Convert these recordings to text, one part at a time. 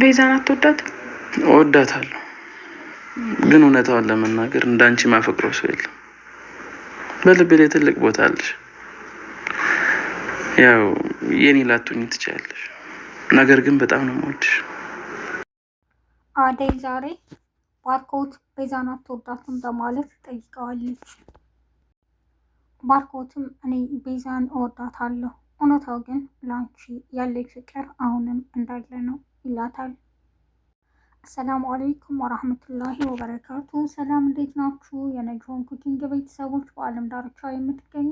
ቤዛን አትወዳት? እወዳታለሁ፣ ግን እውነታውን ለመናገር እንዳንቺ ማፈቅረው ሰው የለም። በልቤ ላይ ትልቅ ቦታ አለሽ። ያው የኔ ላትሆኚ ትችያለሽ፣ ነገር ግን በጣም ነው የምወድሽ። አደይ ዛሬ ባርኮት ቤዛን አትወዳትም በማለት ጠይቀዋለች። ባርኮትም እኔ ቤዛን እወዳታለሁ፣ እውነታው ግን ላንቺ ያለኝ ፍቅር አሁንም እንዳለ ነው ይላታል። አሰላሙ አለይኩም ወራህመቱላሂ ወበረካቱ። ሰላም እንዴት ናችሁ? የነጅሆን ኩኪንግ ቤተሰቦች በአለም ዳርቻ የምትገኙ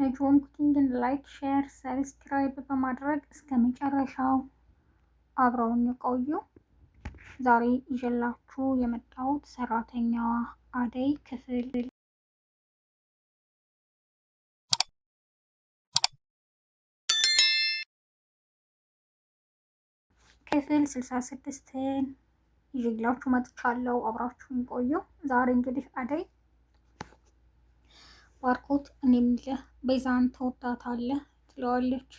ነጅሆን ኩኪንግን ላይክ፣ ሼር፣ ሰብስክራይብ በማድረግ እስከ መጨረሻው አብረውን ቆዩ! ዛሬ ይዤላችሁ የመጣሁት ሰራተኛዋ አደይ ክፍል ክፍል ስልሳ ስድስትን ይዤላችሁ መጥቻለሁ። አብራችሁን ቆዩ። ዛሬ እንግዲህ አደይ ባርኮት እኔ የምልህ ቤዛን ተወዳታለህ ትለዋለች።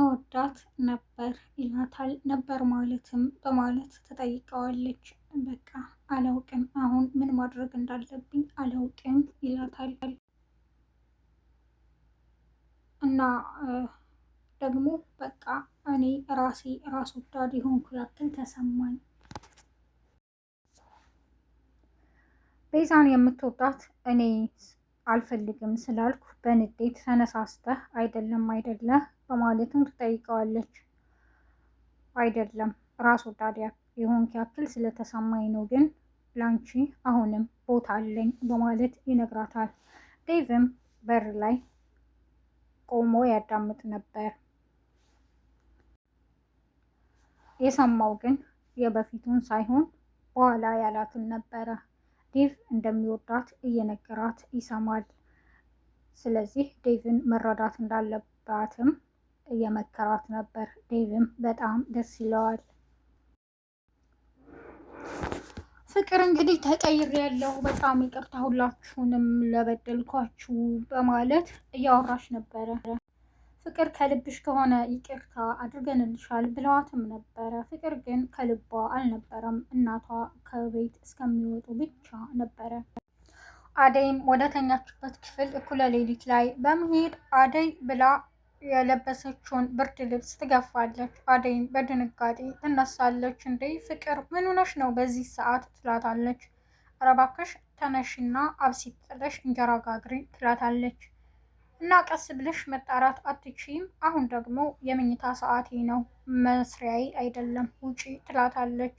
እወዳት ነበር ይላታል። ነበር ማለትም በማለት ተጠይቀዋለች። በቃ አላውቅም፣ አሁን ምን ማድረግ እንዳለብኝ አላውቅም ይላታል እና ደግሞ በቃ እኔ ራሴ ራስ ወዳድ የሆንኩ ያክል ተሰማኝ። ቤዛን የምትወዳት እኔ አልፈልግም ስላልኩ በንዴት ተነሳስተህ አይደለም አይደለ በማለትም ትጠይቀዋለች። አይደለም ራስ ወዳድ የሆንክ ያክል ስለተሰማኝ ነው፣ ግን ላንቺ አሁንም ቦታ አለኝ በማለት ይነግራታል። ዴቭም በር ላይ ቆሞ ያዳምጥ ነበር። የሰማው ግን የበፊቱን ሳይሆን በኋላ ያላትን ነበረ። ዴቭ እንደሚወዳት እየነገራት ይሰማል። ስለዚህ ዴቭን መረዳት እንዳለባትም እየመከራት ነበር። ዴቭም በጣም ደስ ይለዋል። ፍቅር እንግዲህ ተቀይር ያለው በጣም ይቅርታ ሁላችሁንም ለበደልኳችሁ በማለት እያወራች ነበረ። ፍቅር ከልብሽ ከሆነ ይቅርታ አድርገንልሻል ብለዋትም ነበረ። ፍቅር ግን ከልቧ አልነበረም። እናቷ ከቤት እስከሚወጡ ብቻ ነበረ። አደይም ወደ ተኛችበት ክፍል እኩለ ሌሊት ላይ በመሄድ አደይ ብላ የለበሰችውን ብርድ ልብስ ትገፋለች። አደይም በድንጋጤ ትነሳለች። እንዴ ፍቅር ምን ሆነሽ ነው በዚህ ሰዓት ትላታለች። ረባከሽ ተነሽና አብሲት ጥለሽ እንጀራ ጋግሪ ትላታለች። እና ቀስ ብለሽ መጣራት አትችይም። አሁን ደግሞ የመኝታ ሰዓቴ ነው፣ መስሪያዬ አይደለም፣ ውጪ ትላታለች።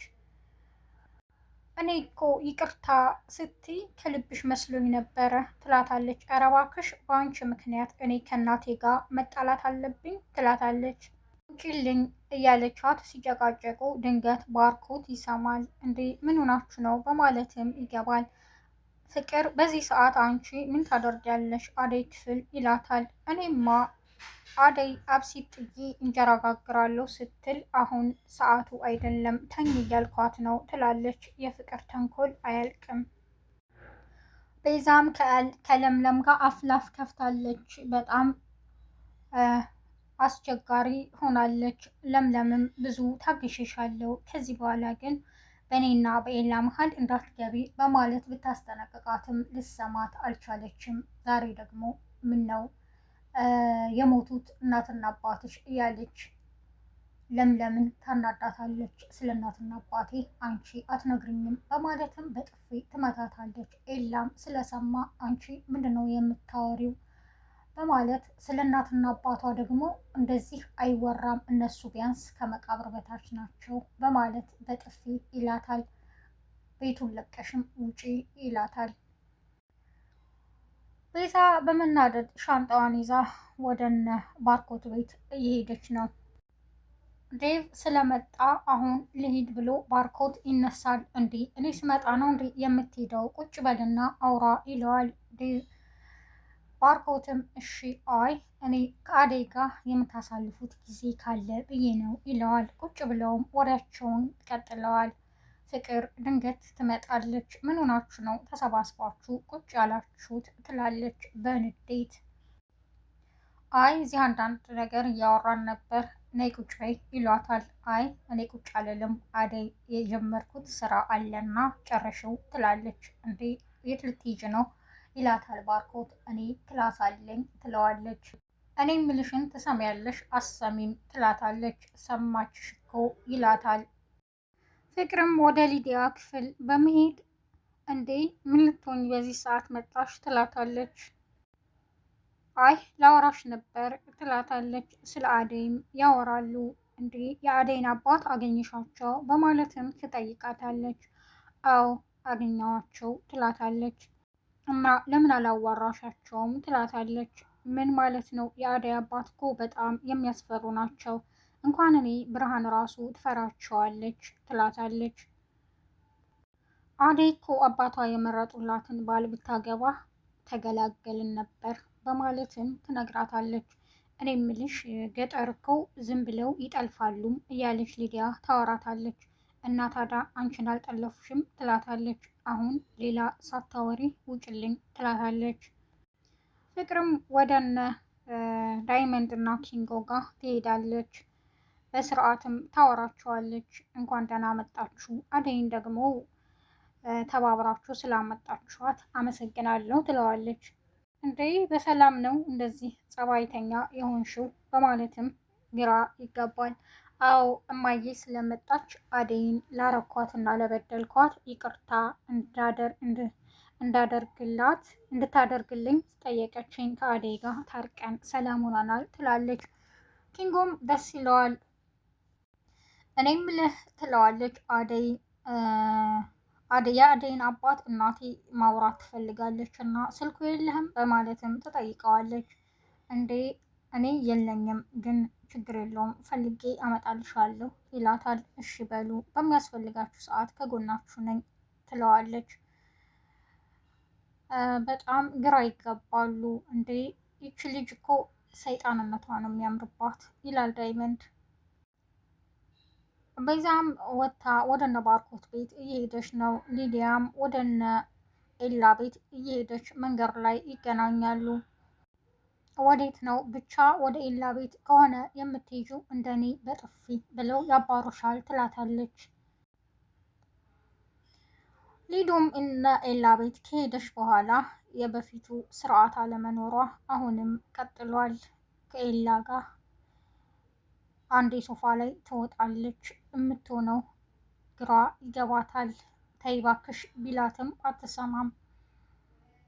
እኔ እኮ ይቅርታ ስትይ ከልብሽ መስሎኝ ነበረ ትላታለች። ኧረ እባክሽ በአንቺ ምክንያት እኔ ከእናቴ ጋር መጣላት አለብኝ ትላታለች። ውጪልኝ እያለቻት ሲጨቃጨቁ ድንገት ባርኮት ይሰማል። እንዴ ምን ሆናችሁ ነው በማለትም ይገባል። ፍቅር በዚህ ሰዓት አንቺ ምን ታደርጊያለሽ አደይ ክፍል ይላታል። እኔማ አደይ አብሲት ጥዬ እንጀራ ጋግራለሁ ስትል አሁን ሰዓቱ አይደለም ተኝ እያልኳት ነው ትላለች። የፍቅር ተንኮል አያልቅም። ቤዛም ከለምለም ጋር አፍላፍ ከፍታለች። በጣም አስቸጋሪ ሆናለች። ለምለምም ብዙ ታግሼሻለሁ ከዚህ በኋላ ግን በእኔና በኤላ መሀል እንዳትገቢ በማለት ብታስጠነቅቃትም ልሰማት አልቻለችም። ዛሬ ደግሞ ምን ነው የሞቱት እናትና አባትሽ እያለች ለምለምን ታናዳታለች። ስለ እናትና አባቴ አንቺ አትነግርኝም በማለትም በጥፊ ትመታታለች። ኤላም ስለሰማ አንቺ ምንድነው የምታወሪው በማለት ስለ እናትና አባቷ ደግሞ እንደዚህ አይወራም፣ እነሱ ቢያንስ ከመቃብር በታች ናቸው በማለት በጥፊ ይላታል። ቤቱን ለቀሽም ውጪ ይላታል። ቤዛ በመናደድ ሻንጣዋን ይዛ ወደነ ባርኮት ቤት እየሄደች ነው። ዴቭ ስለመጣ አሁን ልሂድ ብሎ ባርኮት ይነሳል። እንዲህ እኔ ስመጣ ነው እንዲህ የምትሄደው ቁጭ በልና አውራ ይለዋል ዴቭ ባርኮትም እሺ አይ እኔ ከአደይ ጋር የምታሳልፉት ጊዜ ካለ ብዬ ነው ይለዋል። ቁጭ ብለውም ወሬያቸውን ቀጥለዋል። ፍቅር ድንገት ትመጣለች። ምን ሆናችሁ ነው ተሰባስባችሁ ቁጭ ያላችሁት? ትላለች በንዴት። አይ እዚህ አንዳንድ ነገር እያወራን ነበር፣ ነይ ቁጭ በይ ይሏታል። አይ እኔ ቁጭ አልልም፣ አደይ የጀመርኩት ስራ አለና ጨረሽው ትላለች። እንዴ የት ልትሄጂ ነው? ይላታል ባርኮት። እኔ ክላስ አለኝ ትለዋለች። እኔ ምልሽን ትሰሚያለሽ አሰሚም ትላታለች። ሰማችሽ እኮ ይላታል። ፍቅርም ወደ ሊዲያ ክፍል በመሄድ እንዴ ምን ልትሆኝ በዚህ ሰዓት መጣሽ? ትላታለች። አይ ላወራሽ ነበር ትላታለች። ስለ አደይም ያወራሉ። እንዴ የአደይን አባት አገኘሻቸው? በማለትም ትጠይቃታለች። አዎ አገኘዋቸው ትላታለች። እና ለምን አላዋራሻቸውም ትላታለች። ምን ማለት ነው? የአደይ አባት እኮ በጣም የሚያስፈሩ ናቸው። እንኳን እኔ ብርሃን ራሱ ትፈራቸዋለች ትላታለች። አደይ እኮ አባቷ የመረጡላትን ባል ብታገባ ተገላገልን ነበር በማለትም ትነግራታለች። እኔ ምልሽ ገጠር እኮ ዝም ብለው ይጠልፋሉም እያለች ሊዲያ ታወራታለች። እና ታዲያ አንቺን አልጠለፉሽም ትላታለች። አሁን ሌላ ሳታወሪ ውጭልኝ ትላታለች። ፍቅርም ወደነ ዳይመንድ እና ኪንጎ ጋር ትሄዳለች። በስርዓትም ታወራቸዋለች። እንኳን ደህና መጣችሁ፣ አደይን ደግሞ ተባብራችሁ ስላመጣችኋት አመሰግናለሁ ትለዋለች። እንዴ በሰላም ነው እንደዚህ ጸባይተኛ የሆንሽው? በማለትም ግራ ይገባል። አዎ እማዬ ስለመጣች አደይን ላረኳትና ለበደልኳት ይቅርታ እንዳደርግላት እንድታደርግልኝ ጠየቀችኝ። ከአደይ ጋር ታርቀን ሰላም ሆናናል ትላለች። ኪንጎም ደስ ይለዋል። እኔም ምልህ ትለዋለች አደይ የአደይን አባት እናቴ ማውራት ትፈልጋለች እና ስልኩ የለህም በማለትም ትጠይቀዋለች። እንዴ እኔ የለኝም፣ ግን ችግር የለውም ፈልጌ አመጣልሻለሁ ይላታል። እሺ በሉ በሚያስፈልጋችሁ ሰዓት ከጎናችሁ ነኝ ትለዋለች። በጣም ግራ ይገባሉ። እንዴ ይቺ ልጅ እኮ ሰይጣንነቷ ነው የሚያምርባት ይላል ዳይመንድ። በዛም ወታ ወደ ባርኮት ቤት እየሄደች ነው። ሊዲያም ወደ እነ ኤላ ቤት እየሄደች መንገድ ላይ ይገናኛሉ። ወዴት ነው ብቻ ወደ ኤላ ቤት ከሆነ የምትይዙ እንደኔ በጥፊ ብለው ያባሮሻል ትላታለች። ሊዱም እነ ኤላ ቤት ከሄደች በኋላ የበፊቱ ስርዓት አለመኖሯ አሁንም ቀጥሏል። ከኤላ ጋር አንዴ ሶፋ ላይ ትወጣለች። የምትሆነው ግራ ይገባታል። ተይባክሽ ቢላትም አትሰማም።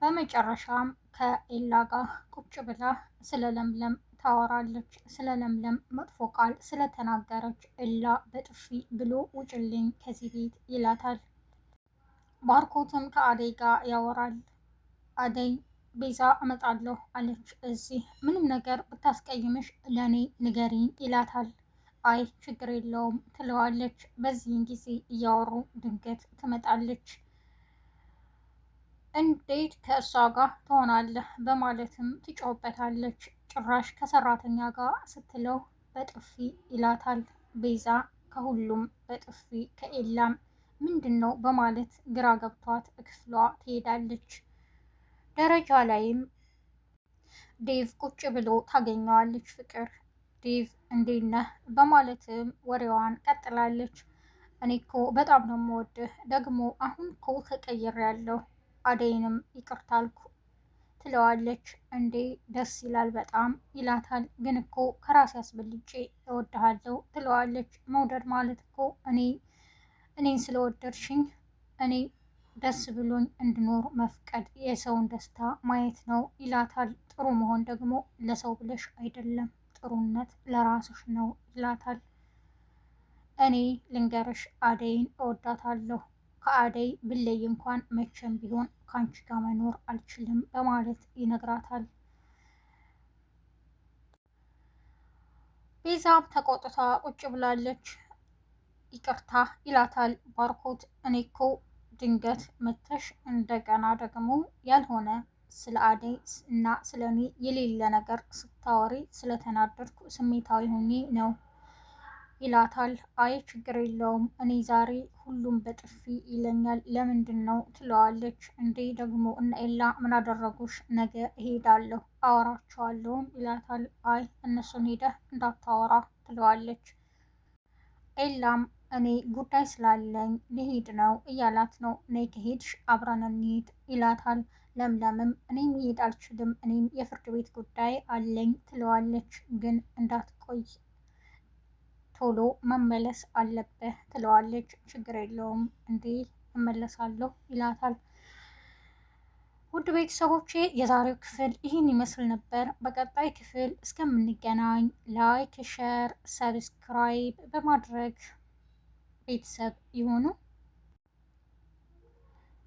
በመጨረሻም ከኤላ ጋር ቁጭ ብላ ስለ ለምለም ታወራለች። ስለ ለምለም መጥፎ ቃል ስለተናገረች ኤላ በጥፊ ብሎ ውጭልኝ ከዚህ ቤት ይላታል። ባርኮትም ከአደይ ጋር ያወራል። አደይ ቤዛ እመጣለሁ አለች። እዚህ ምንም ነገር ብታስቀይምሽ ለእኔ ንገሪኝ ይላታል። አይ ችግር የለውም ትለዋለች። በዚህን ጊዜ እያወሩ ድንገት ትመጣለች። እንዴት ከእሷ ጋር ትሆናለህ? በማለትም ትጮህበታለች። ጭራሽ ከሰራተኛ ጋር ስትለው በጥፊ ይላታል። ቤዛ ከሁሉም በጥፊ ከኤላም ምንድን ነው በማለት ግራ ገብቷት ክፍሏ ትሄዳለች። ደረጃ ላይም ዴቭ ቁጭ ብሎ ታገኘዋለች። ፍቅር ዴቭ እንዴት ነህ? በማለትም ወሬዋን ቀጥላለች። እኔ እኮ በጣም ነው የምወድህ፣ ደግሞ አሁን እኮ ተቀይሬያለሁ አደይንም ይቅርታ አልኩ ትለዋለች። እንዴ ደስ ይላል በጣም ይላታል። ግን እኮ ከራሴ አስበልጬ እወድሃለሁ ትለዋለች። መውደድ ማለት እኮ እኔ እኔን ስለወደድሽኝ እኔ ደስ ብሎኝ እንድኖር መፍቀድ የሰውን ደስታ ማየት ነው ይላታል። ጥሩ መሆን ደግሞ ለሰው ብለሽ አይደለም፣ ጥሩነት ለራስሽ ነው ይላታል። እኔ ልንገርሽ አደይን እወዳታለሁ ከአደይ ብለይ እንኳን መቼም ቢሆን ከአንቺ ጋር መኖር አልችልም በማለት ይነግራታል። ቤዛም ተቆጥታ ቁጭ ብላለች። ይቅርታ ይላታል ባርኮት። እኔ እኮ ድንገት መተሽ እንደገና ደግሞ ያልሆነ ስለ አደይ እና ስለ እኔ የሌለ ነገር ስታወሪ ስለተናደድኩ ስሜታዊ ሆኜ ነው ይላታል። አይ ችግር የለውም እኔ ዛሬ ሁሉም በጥፊ ይለኛል ለምንድን ነው ትለዋለች። እንዴ ደግሞ እነ ኤላ ምን አደረጉሽ? ነገ እሄዳለሁ አወራቸዋለሁም ይላታል። አይ እነሱን ሄደህ እንዳታወራ ትለዋለች። ኤላም እኔ ጉዳይ ስላለኝ ልሄድ ነው እያላት ነው። እኔ ከሄድሽ አብረን እንሂድ ይላታል። ለምለምም እኔም ይሄድ አልችልም እኔም የፍርድ ቤት ጉዳይ አለኝ ትለዋለች። ግን እንዳትቆይ ቶሎ መመለስ አለብህ ትለዋለች። ችግር የለውም እንዴ እመለሳለሁ ይላታል። ውድ ቤተሰቦቼ የዛሬው ክፍል ይህን ይመስል ነበር። በቀጣይ ክፍል እስከምንገናኝ ላይክ፣ ሸር፣ ሰብስክራይብ በማድረግ ቤተሰብ ይሆኑ።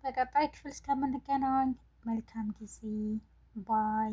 በቀጣይ ክፍል እስከምንገናኝ መልካም ጊዜ ባይ